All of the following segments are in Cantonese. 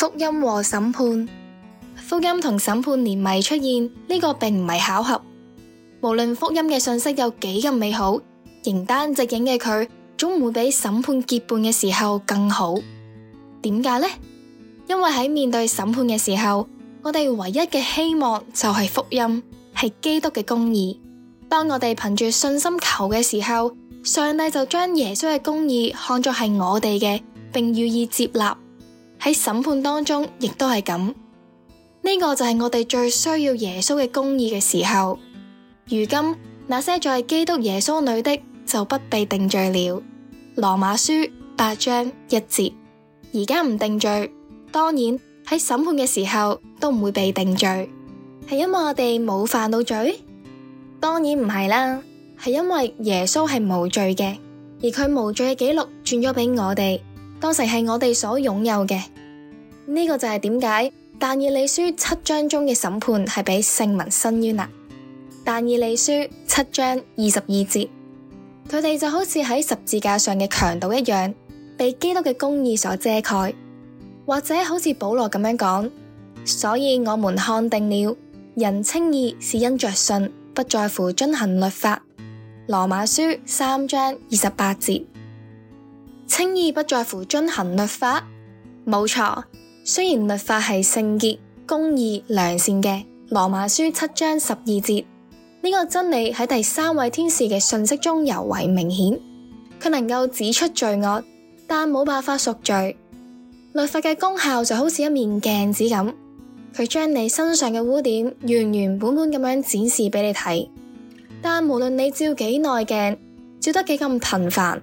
福音和審判，福音同審判連埋出現，呢個並唔係巧合。無論福音嘅信息，有幾咁美好，形單隻影嘅佢，總唔會比審判結伴嘅時候更好。點解呢？因為喺面對審判嘅時候，我哋唯一嘅希望就係福音，係基督嘅公義。當我哋憑住信心求嘅時候，上帝就將耶穌嘅公義看作係我哋嘅，並予以接納。喺審判當中，亦都係咁，呢、這個就係我哋最需要耶穌嘅公義嘅時候。如今那些在基督耶穌裏的，就不被定罪了。羅馬書八章一節。而家唔定罪，當然喺審判嘅時候都唔會被定罪，係因為我哋冇犯到罪？當然唔係啦，係因為耶穌係無罪嘅，而佢無罪嘅記錄轉咗俾我哋。當時係我哋所擁有嘅，呢、這個就係點解但以理書七章中嘅審判係俾聖民申冤啊！但以理書七章二十二節，佢哋就好似喺十字架上嘅強盜一樣，被基督嘅公義所遮蓋，或者好似保羅咁樣講，所以我們看定了，人稱義是因着信，不在乎遵行律法。羅馬書三章二十八節。輕易不在乎遵行律法，冇錯。雖然律法係聖潔、公義、良善嘅，《羅馬書》七章十二節呢、這個真理喺第三位天使嘅信息中尤為明顯。佢能夠指出罪惡，但冇辦法贖罪。律法嘅功效就好似一面鏡子咁，佢將你身上嘅污點原原本本咁樣展示俾你睇。但無論你照幾耐鏡，照得幾咁頻繁。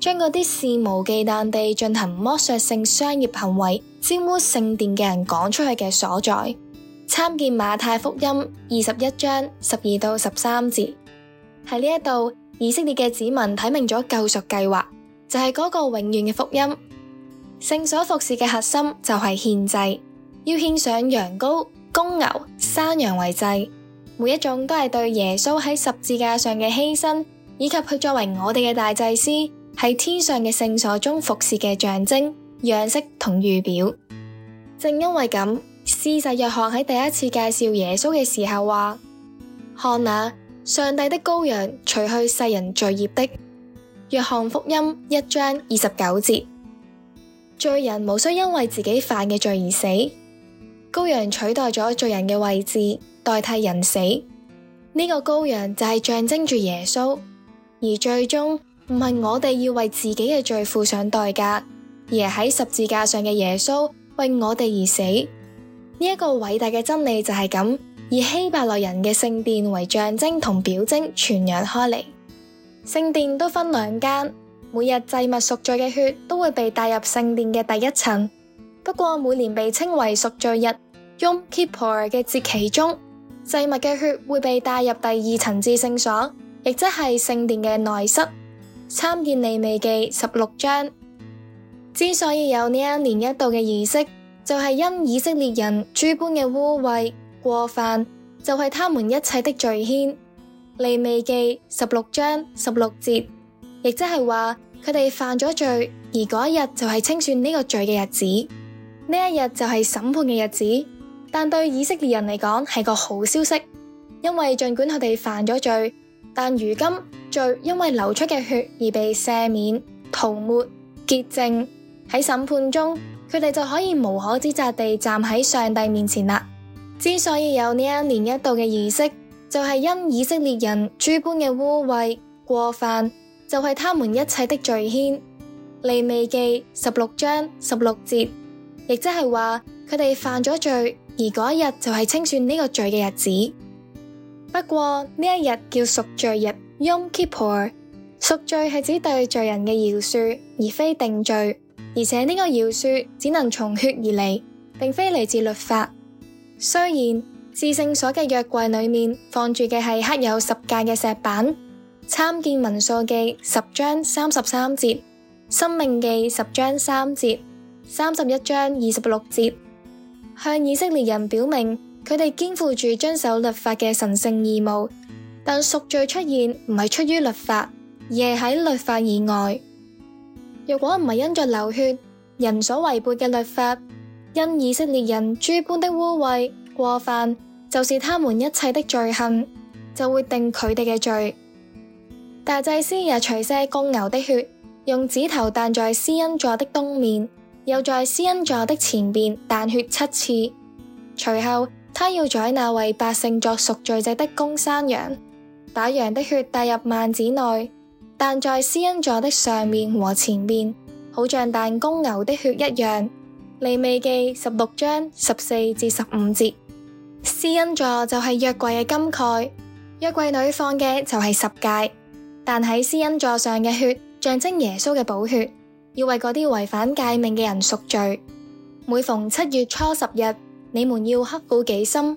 將嗰啲肆無忌憚地進行剝削性商業行為、玷污聖殿嘅人趕出去嘅所在，參見馬太福音二十一章十二到十三節。喺呢一度，以色列嘅子民睇明咗救贖計劃，就係、是、嗰個永遠嘅福音。聖所服侍嘅核心就係獻祭，要獻上羊羔、公牛、山羊為祭，每一種都係對耶穌喺十字架上嘅犧牲，以及佢作為我哋嘅大祭司。喺天上嘅聖所中服侍嘅象徵、樣式同預表。正因為咁，施洗約翰喺第一次介紹耶穌嘅時候話：看那 上帝的羔羊，除去世人罪孽的。約翰福音一章二十九節。罪人無需因為自己犯嘅罪而死，羔羊取代咗罪人嘅位置，代替人死。呢、這個羔羊就係象徵住耶穌，而最終。唔係我哋要為自己嘅罪付上代價，而係十字架上嘅耶穌為我哋而死。呢、這、一個偉大嘅真理就係咁，以希伯來人嘅聖殿為象徵同表徵傳揚開嚟。聖殿都分兩間，每日祭物贖罪嘅血都會被帶入聖殿嘅第一層。不過每年被稱為贖罪日 （Yom Kippur） 嘅節期中，祭物嘅血會被帶入第二層至聖所，亦即係聖殿嘅內室。參見利未記十六章，之所以有呢一年一度嘅儀式，就係因以色列人諸般嘅污穢過犯，就係他們一切的罪愆。利未記十六章十六節，亦即係話佢哋犯咗罪，而嗰一日就係清算呢個罪嘅日子，呢一日就係審判嘅日子。但對以色列人嚟講係個好消息，因為盡管佢哋犯咗罪，但如今。罪，因為流出嘅血而被赦免、塗抹、潔淨。喺審判中，佢哋就可以無可指責地站喺上帝面前啦。之所以有呢一年一度嘅儀式，就係、是、因以色列人諸般嘅污穢過犯，就係、是、他們一切的罪愆。利未記十六章十六節，亦即係話佢哋犯咗罪，而嗰一日就係清算呢個罪嘅日子。不過呢一日叫贖罪日。因 Yom Kippur 贖罪係指對罪人嘅饒恕，而非定罪。而且呢個饒恕只能從血而嚟，並非嚟自律法。雖然至聖所嘅約櫃裏面放住嘅係刻有十誡嘅石板，參見民數記十章三十三節、申命記十章三節、三十一章二十六節，向以色列人表明佢哋肩負住遵守律法嘅神聖義務。但贖罪出現唔係出於律法，而係喺律法以外。若果唔係因着流血，人所違背嘅律法，因以色列人諸般的污穢過犯，就是他們一切的罪行，就會定佢哋嘅罪。大祭司也取些公牛的血，用指頭彈在施恩座的東面，又在施恩座的前面彈血七次。隨後，他要宰那為百姓作贖罪祭的公山羊。把羊的血帶入幔子內，但在施恩座的上面和前面，好像彈公牛的血一樣。利未記十六章十四至十五節，施恩座就係約櫃嘅金蓋，約櫃裏放嘅就係十誡，但喺施恩座上嘅血，象徵耶穌嘅寶血，要為嗰啲違反誡命嘅人贖罪。每逢七月初十日，你們要刻苦己心。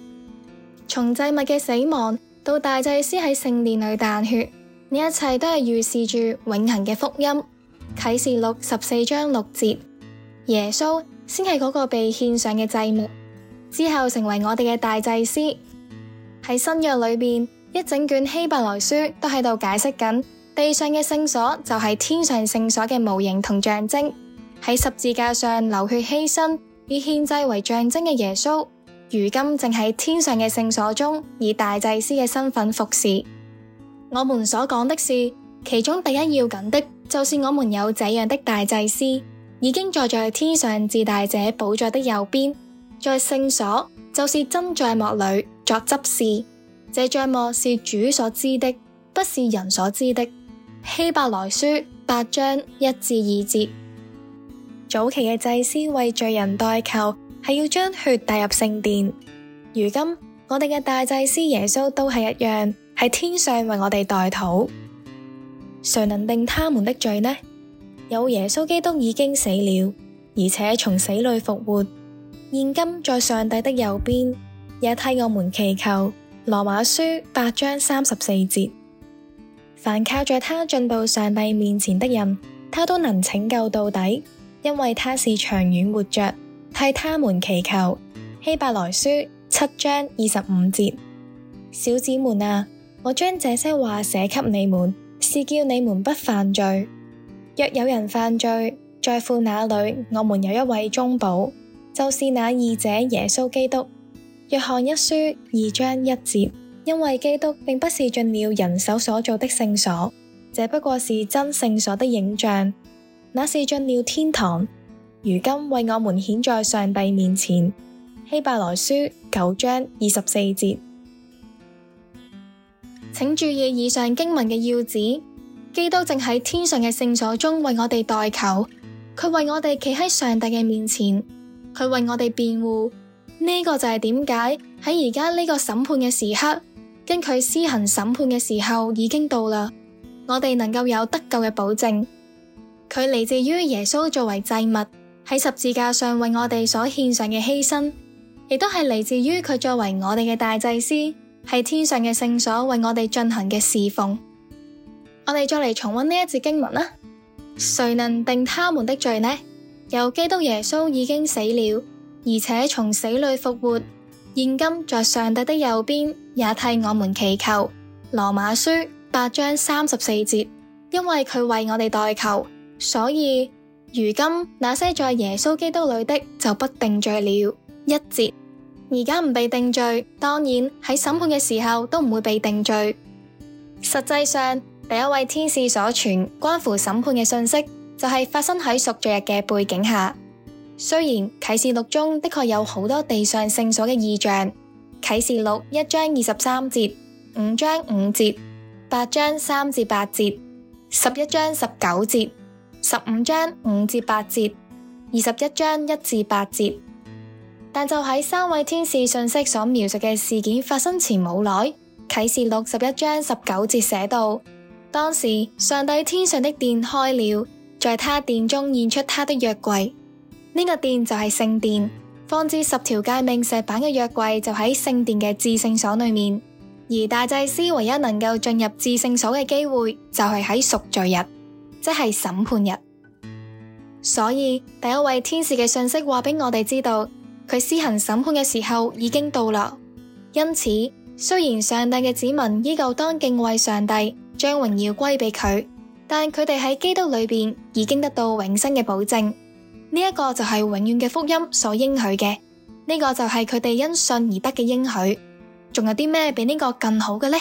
從祭物嘅死亡到大祭司喺聖殿裏彈血，呢一切都係預示住永恒嘅福音。啟示錄十四章六節，耶穌先係嗰個被獻上嘅祭物，之後成為我哋嘅大祭司。喺新約裏面，一整卷希伯來書都喺度解釋緊，地上嘅聖所就係天上聖所嘅模型同象徵。喺十字架上流血犧牲，以獻祭為象徵嘅耶穌，如今正喺天上嘅聖所中，以大祭司嘅身份服侍。我們所講的事，其中第一要緊的，就是我們有這樣的大祭司，已經坐在天上至大者寶座的右邊，在聖所，就是真帳幕裏作執事。這帳幕是主所知的，不是人所知的。希伯來書八章一至二節。早期嘅祭司為罪人代求。係要將血帶入聖殿。如今我哋嘅大祭司耶穌都係一樣，喺天上為我哋代禱。誰能定他們的罪呢？有耶穌基督已經死了，而且從死裏復活，現今在上帝的右邊，也替我們祈求。羅馬書八章三十四節：凡靠着他進到上帝面前的人，他都能拯救到底，因為他是長遠活着。替他們祈求，希伯來書七章二十五節，小子們啊，我將這些話寫給你們，是叫你們不犯罪。若有人犯罪，在父那裏我們有一位中保，就是那義者耶穌基督。約翰一書二章一節，因為基督並不是進了人手所造的聖所，這不過是真聖所的影像，那是進了天堂。如今為我們顯在上帝面前，希伯來書九章二十四節，請注意以上經文嘅要旨。基督正喺天上嘅聖所中為我哋代求，佢為我哋企喺上帝嘅面前，佢為我哋辯護。呢、這個就係點解喺而家呢個審判嘅時刻，經佢施行審判嘅時候已經到啦。我哋能夠有得救嘅保證，佢嚟自於耶穌作為祭物。喺十字架上為我哋所獻上嘅犧牲，亦都係嚟自於佢作為我哋嘅大祭司，係天上嘅聖所為我哋進行嘅侍奉。我哋再嚟重溫呢一節經文啦。誰能定他們的罪呢？有基督耶穌已經死了，而且從死裏復活，現今在上帝的右邊，也替我們祈求。羅馬書八章三十四節，因為佢為我哋代求，所以。如今那些在耶穌基督裏的就不定罪了。一節，而家唔被定罪，當然喺審判嘅時候都唔會被定罪。實際上，第一位天使所傳關乎審判嘅信息，就係、是、發生喺贖罪日嘅背景下。雖然啟示錄中的確有好多地上聖所嘅異象，啟示錄一章二十三節、五章五節、八章三至八節、十一章十九節。十五章五至八節，二十一章一至八節。但就喺三位天使信息所描述嘅事件發生前冇耐，啟示錄十一章十九節寫到：當時上帝天上的殿開了，在、就是、他殿中現出他的約櫃。呢、這個殿就係聖殿，放置十條誡命石板嘅約櫃就喺聖殿嘅至聖所裏面。而大祭司唯一能夠進入至聖所嘅機會，就係喺贖罪日。即係審判日，所以第一位天使嘅信息話俾我哋知道，佢施行審判嘅時候已經到啦。因此，雖然上帝嘅子民依舊當敬畏上帝，將榮耀歸俾佢，但佢哋喺基督裏邊已經得到永生嘅保證。呢一個就係永遠嘅福音所應許嘅，呢個就係佢哋因信而得嘅應許。仲有啲咩比呢個更好嘅呢？